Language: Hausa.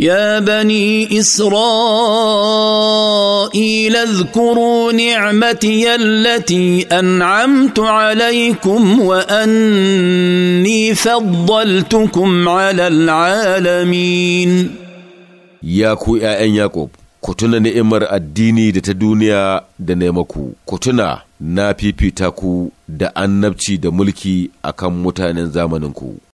يا بني اسرائيل اذكروا نعمتي التي انعمت عليكم واني فضلتكم على العالمين يا كو يا يعقوب ku tuna ni'imar addini da ta duniya da naimaku ku tuna na fifita ku da annabci da mulki akan mutanen zamaninku